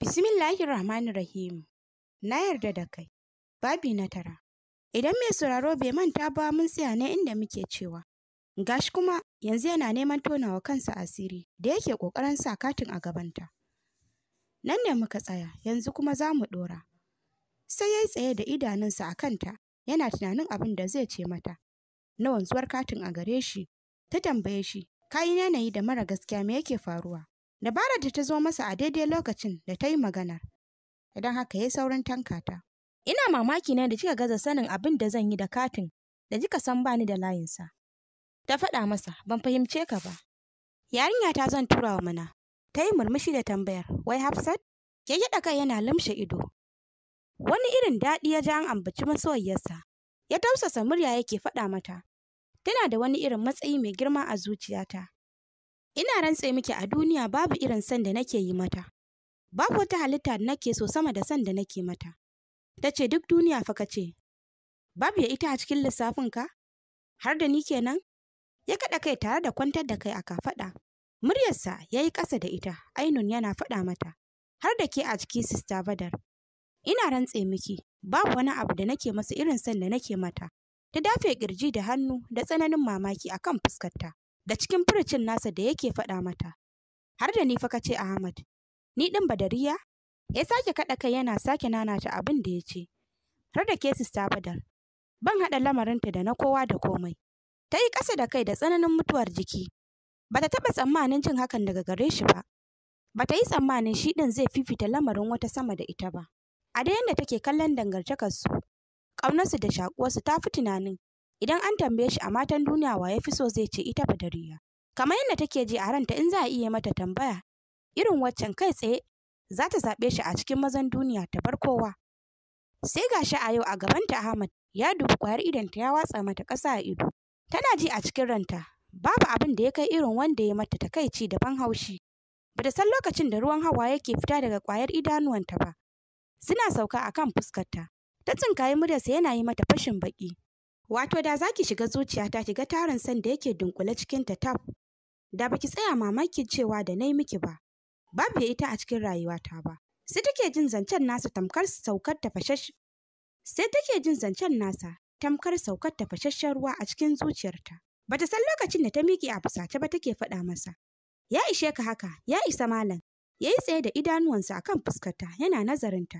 Bismillahir Rahmanir Rahim. Na yarda da kai. Babi na tara. Idan mai sauraro bai manta ba mun tsaya ne inda muke cewa. Gashi kuma yanzu yana neman tonawa kansa asiri da yake ƙoƙarin sa katin a gabanta. Nan ne muka tsaya, yanzu kuma za mu ɗora. Sai yayi tsaye da idanunsa a kanta, yana tunanin abin da zai ce mata. Na wanzuwar katin a gare shi, ta tambaye shi, kayan yanayi da mara gaskiya me yake faruwa? Dabarar da ta zo masa a daidai lokacin da ta yi maganar. Idan haka ya saurin tankata. Ina mamaki na da kika gaza sanin abin da zan yi da katin da kika san bani da layinsa. Ta faɗa masa, ban fahimce ka ba. Yarinya ta zan tura wa mana. Ta yi murmushi da tambayar, wai Hafsat? Ya gyaɗa kai yana lamshe ido. Wani irin daɗi ya ja an ambaci masoyiyarsa. Ya tausasa murya yake faɗa mata. Tana da wani irin matsayi mai girma a zuciyata. Ina rantse miki a duniya babu irin san da nake yi mata. Babu wata halitta da nake so sama da san da nake mata. Ta ce duk duniya fa ka ce, babu ya ita a cikin lissafin ka? Har da ni kenan? Ya kaɗa kai tare da kwantar da kai a kafaɗa. Muryarsa ya yi ƙasa da ita, ainun yana faɗa mata, har da ke a ciki sista badar. Ina rantse miki, babu wani abu da nake masa irin san da nake mata. Ta dafe ƙirji da hannu da tsananin mamaki akan fuskarta. da cikin furucin nasa da yake faɗa mata. Har da ni fa ce Ahmad, ni ɗin Badariya? Ya sake kaɗa kai yana sake nanata abin da ya ce. Har da ke ta fadar, ban haɗa lamarinta da na kowa da komai. Ta yi ƙasa da kai da tsananin mutuwar jiki. Bata taɓa tsammanin jin hakan daga gare shi ba. Bata yi tsammanin shi ɗin zai fifita lamarin wata sama da ita ba. A da yadda take kallon dangantakarsu, ƙaunarsu da shaƙuwarsu ta fi tunanin Idan an tambaye shi a matan duniya wa ya fi so zai ce ita Badariya. Kamar yadda take ji a ranta in za a iya mata tambaya irin waccan kai tsaye za ta zaɓe shi a cikin mazan duniya ta bar kowa. Sai ga shi a yau a gabanta Ahmad ya dubi ƙwayar idonta ya watsa mata ƙasa a ido. Tana ji a cikin ranta babu abin da ya kai irin wanda ya mata takaici da ban haushi. Ba ta san lokacin da ruwan hawa yake fita daga ƙwayar idanuwanta ba. Suna sauka a kan fuskarta. Ta tsinkayi muryarsa yana yi mata fashin baƙi. Wato da za ki shiga zuciyata ki ga tarin san da yake dunkule cikin ta tab. Da baki tsaya mamakin cewa da nayi miki ba. Babu ya ita a cikin rayuwata ba. Sai take jin zancen nasa tamkar saukar tafashash. Sai take jin zancen nasa tamkar saukar tafashashen ruwa a cikin zuciyarta. Bata san lokacin da ta miƙe a fusace ba take faɗa masa. Ya ishe ka haka, ya isa malam. Ya yi tsaye da idanuwansa akan fuskarta yana nazarinta.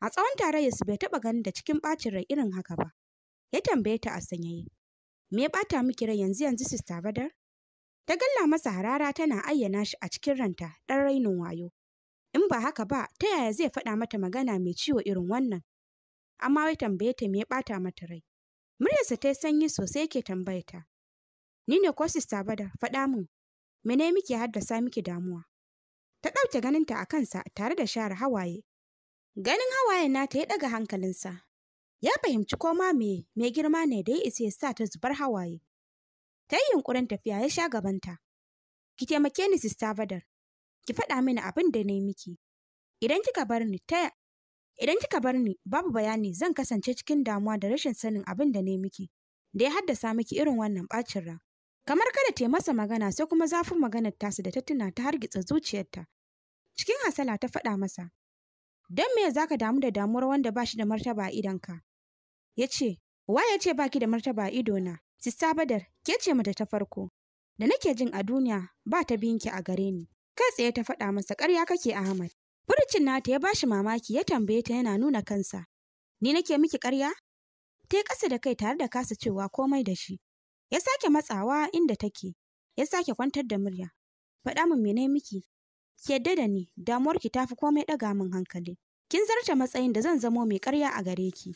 A tsawon tarayyarsu bai taɓa ganin da cikin ɓacin rai irin haka ba. ya tambaye ta a sanyaye. Me ya ɓata miki rai yanzu yanzu sista Badar? Ta galla masa harara tana ayyana shi a cikin ranta ɗan rainin wayo. In ba haka ba, ta yaya zai faɗa mata magana mai ciwo irin wannan? Amma wai tambaye ta me ya ɓata mata rai. Muryarsa ta yi sanyi sosai yake tambaye ta. Ni ne ko sista Badar, faɗa min. Mene miki haddasa miki damuwa? Ta ɗauke ganinta a kansa tare da share hawaye. Ganin hawayen ta ya ɗaga hankalinsa, Ya fahimci koma me mai girma ne da ya isa ya sa ta zubar hawaye. Ta yi yunƙurin tafiya ya sha gabanta. Ki taimake ni sista Badar. Ki faɗa mini abin da na yi miki. Idan kika bar ni ta Idan kika bar ni babu bayani zan kasance cikin damuwa da rashin sanin abin da na miki. Da ya haddasa miki irin wannan ɓacin ran. Kamar kada ta masa magana sai kuma zafin maganar tasa da ta tuna ta hargitsa zuciyarta. Cikin hasala ta faɗa masa, Don me za ka damu da damuwar wanda ba shi da martaba a idanka? ya ce, Wa ya ce baki da martaba a idona, Sista Badar, ke ce mata ta farko, da nake jin a duniya ba ta binki a gare ni. Kai tsaye ta faɗa masa ƙarya kake Ahmad. Furucin nata ya bashi mamaki ya tambaye ta yana nuna kansa. Ni nake miki ƙarya? Ta yi ƙasa da kai tare da kasa cewa komai da shi. Ya sake matsawa inda take, ya sake kwantar da murya. Faɗa min mene miki? Ki yadda da ni, damuwarki ta fi komai ɗaga min hankali. Kin zarta matsayin da zan zamo mai ƙarya a gare ki.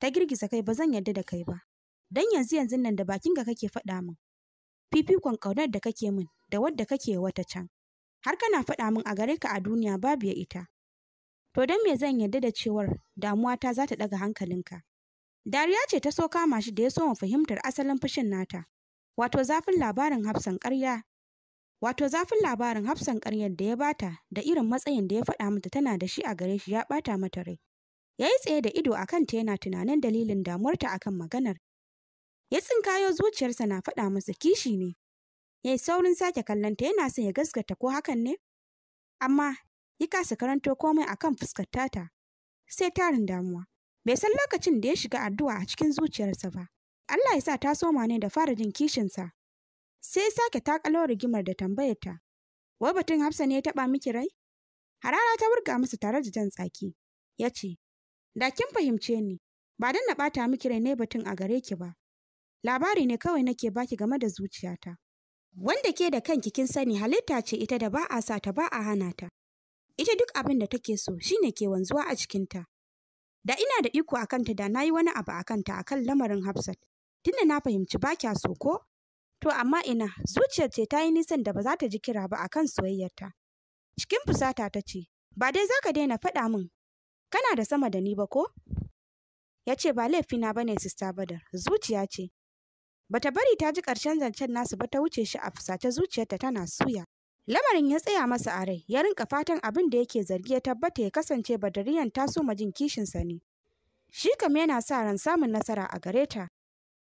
Ta girgiza kai ba zan yarda da kai ba. Dan yanzu yanzu nan da bakinka kake faɗa min. Fifikon ƙaunar da kake min da wadda kake wata can. Har kana faɗa min a gare ka a duniya babu ya ita. To dan me zan yarda da cewar damuwata za ta ɗaga hankalinka. Dariya ce ta so kama shi da ya so mu fahimtar asalin fushin nata. Wato zafin labarin hafsan ƙarya Wato zafin labarin hafsan ƙaryar da ya bata da irin matsayin da ya faɗa mata tana da shi a gare shi ya ɓata mata rai. Ya yi tsaye da ido a kanta yana tunanin dalilin damuwarta kan maganar. Ya tsinkayo zuciyarsa na faɗa masa kishi ne. Ya yi saurin sake kallonta yana son ya gaskata ko hakan ne? Amma ya kasa karanto komai akan fuskar tata. Sai tarin damuwa. Bai san lokacin da ya shiga addu'a a cikin zuciyarsa ba. Allah ya sa ta soma ne da fara jin kishinsa. Sai sake takalo rigimar da tambayarta. ta. Wai batun Hafsa ne ya taɓa miki rai? Harara ta wurga masa tare da jan tsaki. Ya ce, Da kin fahimce ni, ba dan na ɓata miki rai ne batun a gare ki ba. Labari ne kawai nake baki game da zuciyata. Wanda ke da kanki kin sani halitta ce ita da ba a sa ta ba a hana ta. Ita duk abin da take so shine ke wanzuwa a cikinta. Da ina da iko a kanta da na yi wani abu a kanta a kan lamarin Hafsat. Tunda na fahimci ba kya so ko? To amma ina zuciyar ce ta yi nisan da ba za ta ji kira ba akan kan soyayyarta. Cikin fusata ta ce, ba dai za ka daina faɗa min Kana da sama da ni ba ko? Ya ce ba laifina ba ne sista Badar, zuciya ce. Bata bari ta ji ƙarshen zancen nasu ba ta wuce shi a fusace zuciyarta tana suya. Lamarin ya tsaya masa a rai, ya rinka fatan abin da yake zargi ya tabbata ya kasance Badariyan ta so jin sa ne. Shi kam yana sa ran samun nasara a gare ta,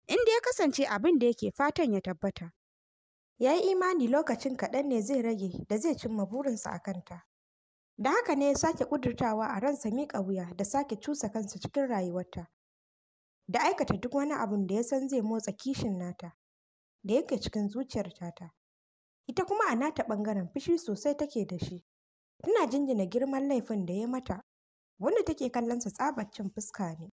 inda ya kasance abin da yake fatan ya tabbata. Ya yi imani lokacin kaɗan ne zai rage da zai cimma burinsa a kanta. Da haka ne ya sake ƙudurtawa a ransa miƙa wuya da sake cusa kansa cikin rayuwarta, da aikata duk wani abun da ya san zai motsa kishin nata, da yake cikin zuciyar tata. Ita kuma a nata ɓangaren fushi sosai take da shi, tana jinjina girman laifin da ya mata, wanda take kallonsa tsabar cin fuska ne.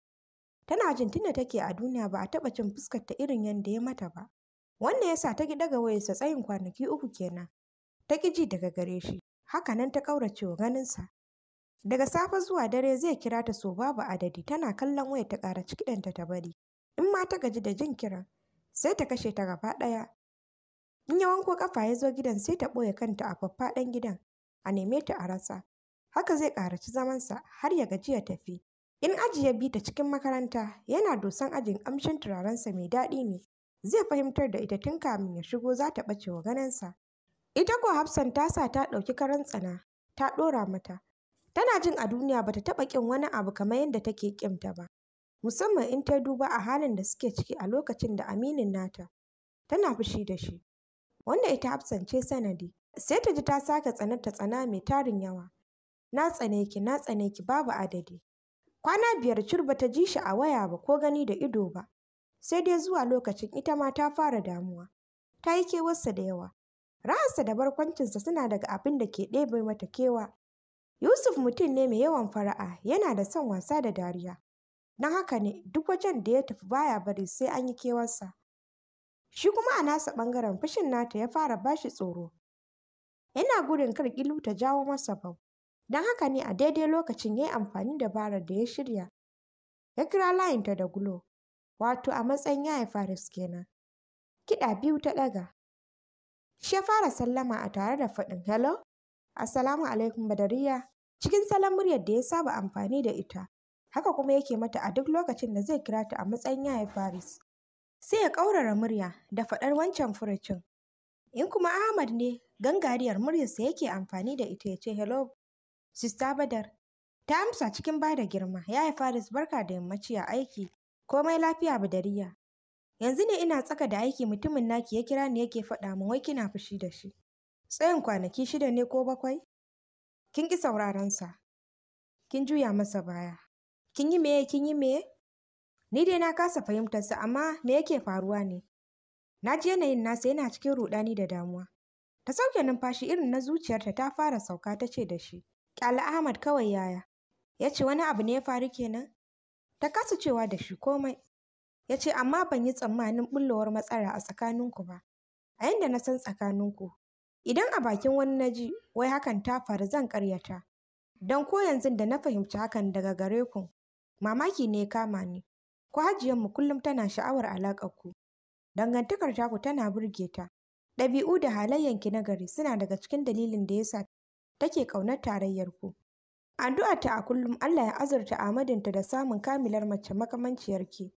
Tana jin tunda take a duniya ba a taɓa cin fuskar ta irin yadda ya mata ba. Wannan yasa sa ta ki waye wayarsa tsayin kwanaki uku kenan, ta ƙi ji daga gare shi. haka nan ta ƙauracewa ganinsa. Daga safe zuwa dare zai kira ta so babu adadi tana kallon waya ta ƙara kiɗanta ta bari. In ma ta gaji da jin kiran, sai ta kashe ta gaba ɗaya. In ya wanko ƙafa ya zo gidan sai ta ɓoye kanta a faffaɗan gidan, a neme ta a rasa. Haka zai ƙaraci zamansa har ya gaji ya tafi. In aji ya bi ta cikin makaranta, yana dosan ajin amshin turarensa mai daɗi ne. Zai fahimtar da ita tun kamin ya shigo za ta ɓace wa ganinsa. Ita ko Hafsan ta sa ta ɗauki karan tsana, ta ɗora mata. Tana jin a duniya bata taɓa ƙin wani abu kamar yadda take ƙimta ba. Musamman in ta duba a halin da suke ciki a lokacin da aminin nata. Tana fushi da shi. Wanda ita Hafsan ce sanadi. Sai ta ji ta sake tsanarta tsana mai tarin yawa. Na tsane ki, na tsane ki babu adadi. Kwana biyar cur bata ji shi a waya ba ko gani da ido ba. Sai dai zuwa lokacin ita ma ta fara damuwa. Ta yi kewarsa da yawa. Ra'asa da barkwancinsa suna daga abin da ke ɗebe mata kewa. Yusuf mutum ne mai yawan fara'a, yana da son wasa da dariya. Don haka ne duk wajen da ya tafi baya bari sai an yi kewarsa. Shi kuma a nasa ɓangaren fushin nata ya fara bashi tsoro. Yana gudun kar ilu ta jawo masa bau. Don haka ne a daidai lokacin ya yi amfani da barar da ya shirya. Ya kira layinta da gulo, wato a matsayin ya haifa kenan. Kiɗa biyu ta ɗaga, Shi ya fara sallama a tare da faɗin hello, assalamu alaikum badariya, cikin salon muryar da ya saba amfani da ita. Haka kuma yake mata a duk lokacin da zai kira ta a matsayin yaya Faris. Sai ya ƙaurara murya da faɗar wancan furucin. In kuma Ahmad ne, gangariyar muryarsa yake amfani da ita ya ce hello, sista Badar. Ta amsa cikin bada da girma, yaya Faris barka da yammaci a aiki, komai lafiya badariya. Yanzu ne ina tsaka da aiki mutumin naki ya kira ni yake faɗa min wai kina fushi da shi. Tsayin kwanaki shida ne ko bakwai? Kin ƙi sauraron sa. Kin juya masa baya. Kin yi meye kin yi meye? Ni dai na kasa fahimtar sa amma me yake faruwa ne? Na ji yanayin nasa yana cikin ruɗani da damuwa. Ta sauke numfashi irin na zuciyarta ta fara sauka ta ce da shi. Ƙyalli Ahmad kawai yaya. Ya ce wani abu ne ya faru kenan? Ta kasa cewa da shi komai. ya ce amma ban yi tsammanin bullowar matsala a tsakaninku ba a yanda na san tsakaninku idan a bakin wani na ji wai hakan ta faru zan karyata don ko yanzu da na fahimci hakan daga gare ku mamaki ne kama ni ko hajiyanmu kullum tana sha'awar alaƙar ku dangantakar taku tana burge ta ɗabi'u da halayyanki na gari suna daga cikin dalilin da yasa take ƙaunar tarayyar ku addu'a ta a kullum Allah ya azurta ta da samun kamilar mace makamanciyar ki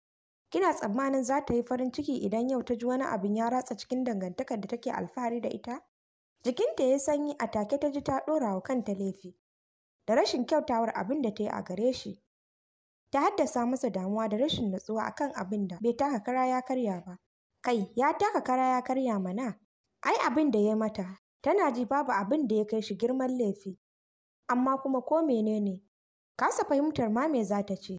Kina tsammanin za ta yi farin ciki idan yau ta ji wani abin ya ratsa cikin dangantakar da take alfahari da ita? Jikinta ya sanyi a take ta ji ta ɗora wa kanta laifi da rashin kyautawar abin da ta yi a gare shi. Ta haddasa masa damuwa da rashin natsuwa akan abin da bai taka kara ya karya ba. Kai, ya taka kara ya karya mana. Ai abin da ya yi mata, tana ji babu abin da ya kai shi girman laifi. Amma kuma ko menene? Kasa fahimtar ma me za ta ce.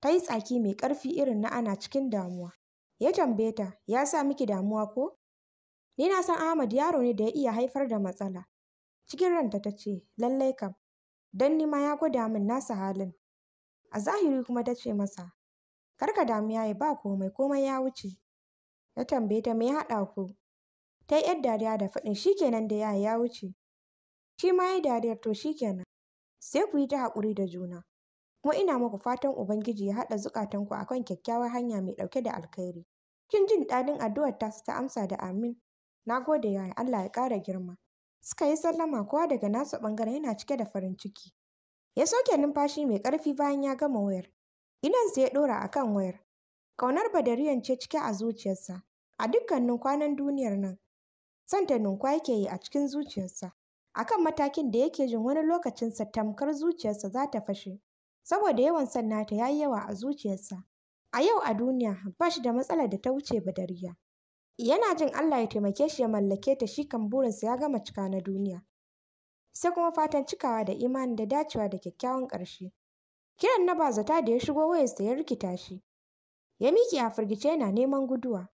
Ta yi tsaki mai ƙarfi irin na ana cikin damuwa. Ya tambaye ta, ya sa miki damuwa ko? Ni na san Ahmad yaro ne da ya iya haifar da matsala. Cikin ranta ta ce, lallai kam, don ni ma ya gwada min nasa halin. A zahiri kuma ta ce masa, kar ka damu yayi ba komai, komai ya wuce. Ya tambaye ta me ya haɗa ku? Ta yi ‘yar dariya da faɗin shi kenan da yayi ya wuce. Shi ma ya yi dariyar to shi kenan. Sai ku yi ta haƙuri da juna. kuma ina muku fatan Ubangiji ya haɗa zukatanku a kan kyakkyawar hanya mai ɗauke da alkhairi. Kin jin daɗin addu'ar ta tasu ta amsa da amin. Na gode yaya Allah ya ƙara girma. Suka yi sallama kowa daga nasu ɓangaren yana cike da farin ciki. Ya soke numfashi mai ƙarfi bayan ya gama wayar. sai ya ɗora a kan wayar. Ƙaunar Badariyan ce cike a zuciyarsa, a dukkanin kwanan duniyar nan. santa nunkwa yake yi a cikin zuciyarsa, akan matakin da yake jin wani lokacinsa tamkar zuciyarsa za ta fashe. saboda yawan son nata ya yi yawa a zuciyarsa. A yau a duniya ba shi da matsala da ta wuce badariya. Yana jin Allah ya taimake shi ya mallake ta shi kan burinsa ya gama cika na duniya. Sai kuma fatan cikawa da imani da dacewa da kyakkyawan ƙarshe. Kiran na bazata da ya shigo wayarsa ya rikita shi. Ya miƙe a firgice yana neman guduwa.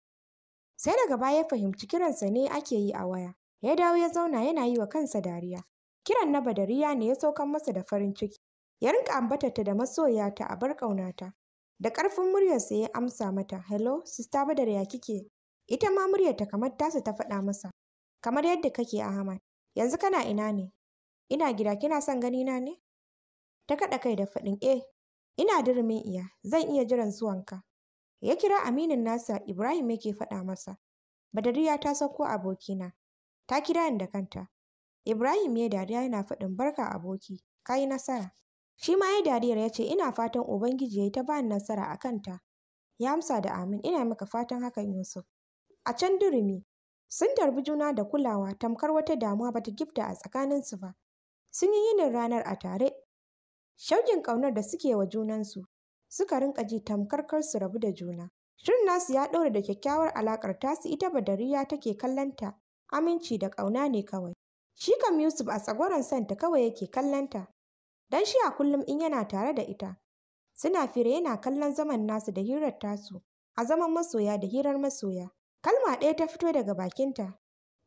Sai daga baya ya fahimci kiransa ne ake yi a waya. Ya dawo ya zauna yana yi wa kansa dariya. Kiran na badariya ne ya saukan masa da farin ciki. ya rinka ambatarta da masoyata a bar ƙaunata. Da ƙarfin muryarsa ya amsa mata, "Hello, Sista Badar ya kike?" Ita ma muryarta kamar tasa ta faɗa masa, "Kamar yadda kake Ahmad, yanzu kana ina ne? Ina gida kina son ganina ne?" Ta kaɗa kai da faɗin, "Eh, ina durumin iya, zan iya jiran zuwanka." Ya kira aminin nasa Ibrahim yake faɗa masa, "Badariya ta sauko abokina, ta kira ni da kanta." Ibrahim ya dariya yana faɗin, "Barka aboki, ka yi nasara." Shi ma ya dariyar ya ce, "Ina fatan Ubangiji ya yi ta ba ni nasara a kanta." Ya amsa da "Amin, ina maka fatan hakan Yusuf." A can Durumi, sun tarbi juna da kulawa tamkar wata damuwa ba ta gifta a tsakaninsu ba. Sun yi yinin ranar a tare. shaukin ƙaunar da suke wa junansu suka rinƙa ji tamkar kar su rabu da juna. Shirin nasu ya ɗaure da kyakkyawar alaƙar tasu ita Badariya take kallonta, aminci da ƙauna ne kawai. Shi kam Yusuf a tsagwaron santa kawai yake kallonta. don shi a kullum in yana tare da ita. Suna fira yana kallon zaman nasu da hirar tasu, a zaman masoya da hirar masoya. Kalma ɗaya ta fito daga bakinta.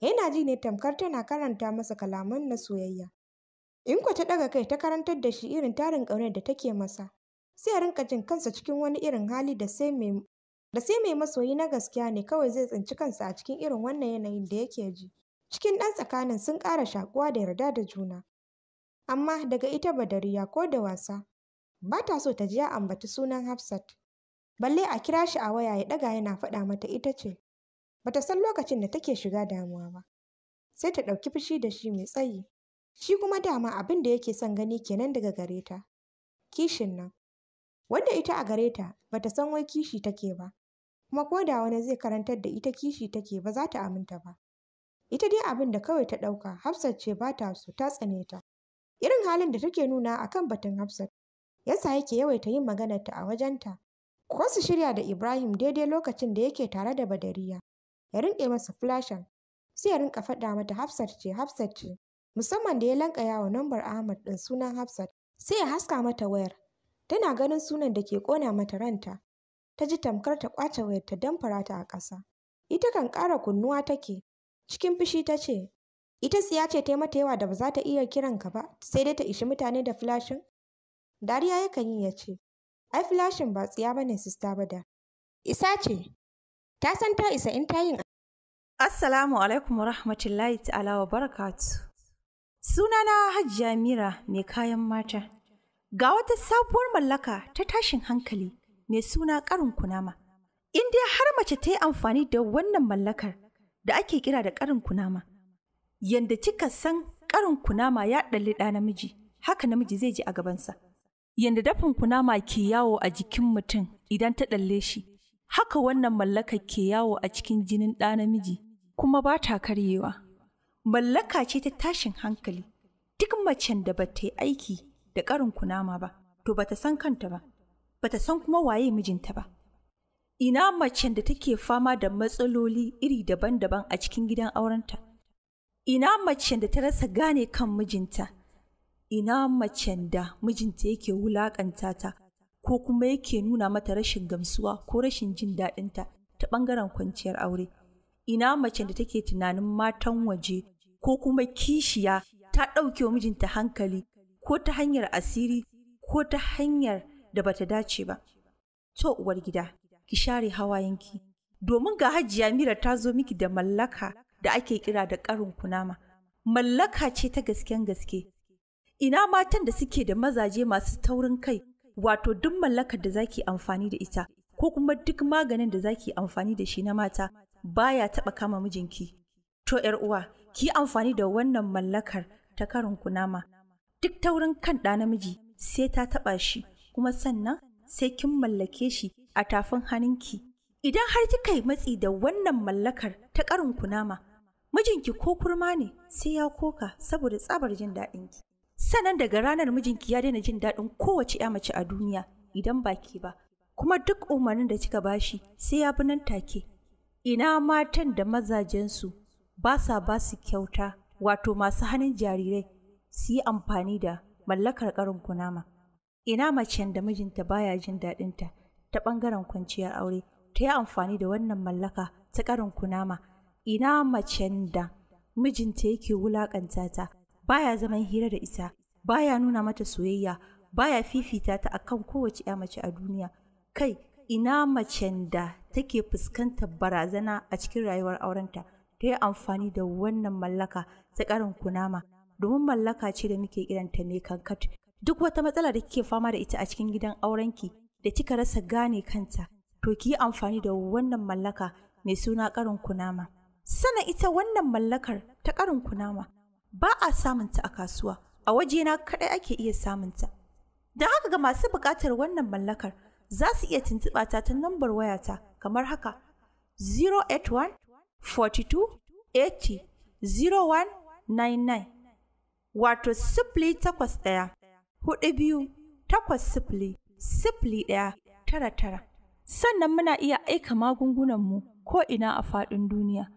Yana ji ne tamkar tana karanta masa kalaman na soyayya. In ta ɗaga kai ta karantar da shi irin tarin ƙaunar da take masa. Sai ya rinka jin kansa cikin wani irin hali da sai mai da sai mai masoyi na gaskiya ne kawai zai tsinci kansa a cikin irin wannan yanayin da yake ji. Cikin ɗan tsakanin sun ƙara shaƙuwa da yarda da juna. amma daga ita Badariya ko da wasa ba ta so ta ji ya ambaci sunan Hafsat. Balle a kira shi a waya ya ɗaga yana faɗa mata ita ce. Ba ta san lokacin da take shiga damuwa ba. Sai ta ɗauki fushi da shi mai tsayi. Shi kuma dama abin da yake son gani kenan daga gare ta. Kishin nan. Wanda ita a gareta, ta ba ta san wai kishi take ba. Kuma ko da wani zai karantar da ita kishi take ba za ta aminta ba. Ita dai abin da kawai ta ɗauka Hafsat ce ba ta so ta tsane ta. Irin halin da take nuna a kan batun Hafsat, yasa yake yawaita yin maganarta a wajenta. Ko su shirya da Ibrahim daidai lokacin da yake tare da Badariya, ya rinƙe masa flashan, sai ya rinƙa faɗa mata Hafsat ce, Hafsat ce, musamman da ya lanƙaya wa nambar Ahmad ɗin sunan Hafsat, sai ya haska mata wayar. Tana ganin sunan da ke ƙona mata ranta, ta ji tamkar ta ƙwace wayar ta damfara ta a ƙasa. Ita kan ƙara kunnuwa take, cikin fushi ta ce, Ita siya ce ta mata yawa da ba za ta iya kiran ka ba, sai dai ta ishi mutane da filashin. Dariya yakan yi ya ce, Ai filashin ba tsiya ba ne sista bada. Isa ce, ta san ta isa in ta yin Assalamu alaikum wa rahmatullahi ta'ala wa barakatu. Sunana Hajiya Mira mai kayan mata. Ga wata sabuwar mallaka ta tashin hankali mai suna karin kunama. In dai har mace ta yi amfani da wannan mallakar da ake kira da karin kunama. Yanda kika san karin kunama ya ɗalli ɗa namiji, haka namiji zai ji a gabansa. Yanda dafin kunama ke yawo a jikin mutum idan ta ɗalle shi, haka wannan mallaka ke yawo a cikin jinin ɗa namiji, kuma ba ta karyewa. Mallaka ce ta tashin hankali, duk macen da ba yi aiki da ƙarin kunama ba, to ba san kanta ba, ba san kuma waye mijinta ba. Ina macen da take fama da matsaloli iri daban-daban a cikin gidan aurenta. ina macen da ta rasa gane kan mijinta ina macen da mijinta yake wulakanta ta ko kuma yake nuna mata rashin gamsuwa ko rashin jin daɗinta ta ɓangaren kwanciyar aure ina macen da take tunanin matan waje ko kuma kishiya ta ɗauke wa mijinta hankali ko ta hanyar asiri ko ta hanyar da bata dace ba to uwar gida ki share hawa yanki domin ga hajiya mira ta zo miki da mallaka da ake kira da ƙarin kunama. Mallaka ce ta gasken gaske. Ina matan da suke da mazaje masu taurin kai, wato duk mallakar da zaki amfani da ita, ko kuma duk maganin da zaki amfani da shi na mata baya taɓa kama mijinki. To ‘yar uwa, ki amfani da wannan mallakar ta karin kunama. Duk taurin kan ɗa namiji sai ta taɓa shi, kuma sannan sai kin mallake shi a tafin hannunki. Idan har kika yi matsi da wannan mallakar ta karin kunama, Mijinki ko kurma ne sai ya koka saboda tsabar jin daɗin ki Sannan daga ranar mijinki ya daina jin daɗin kowace ya mace a duniya idan ba baki ba, kuma duk umarnin da kika bashi sai ya bi nan take. Ina matan da mazajensu ba sa ba su kyauta wato masu hannun jarirai su yi amfani da mallakar karin kunama. Ina macen da mijinta baya jin daɗinta ta ɓangaren kwanciyar aure ta yi amfani da wannan mallaka ta karin kunama ina macen da mijinta yake wulakanta ta baya zaman hira da ita baya nuna mata soyayya baya fifita ta akan kowace ya mace a duniya kai ina macen da take fuskantar barazana a cikin rayuwar aurenta ta yi amfani da wannan mallaka ta karin kunama domin mallaka ce da muke kiranta ne kankat duk wata matsala da kike fama da ita a cikin gidan aurenki da kika rasa gane kanta to ki amfani da wannan mallaka mai suna karin kunama Sana ita wannan mallakar ta ƙarin kunama ba a samunta a kasuwa, a wajena kaɗai ake iya samunta. Don haka ga masu buƙatar wannan mallakar za su iya tuntuɓa ta ta lambar wayata kamar haka 081 42 80 0199 wato sifili takwas ɗaya hudu biyu takwas sifili sifili ɗaya tara tara sannan muna iya aika magungunanmu ko ina a faɗin duniya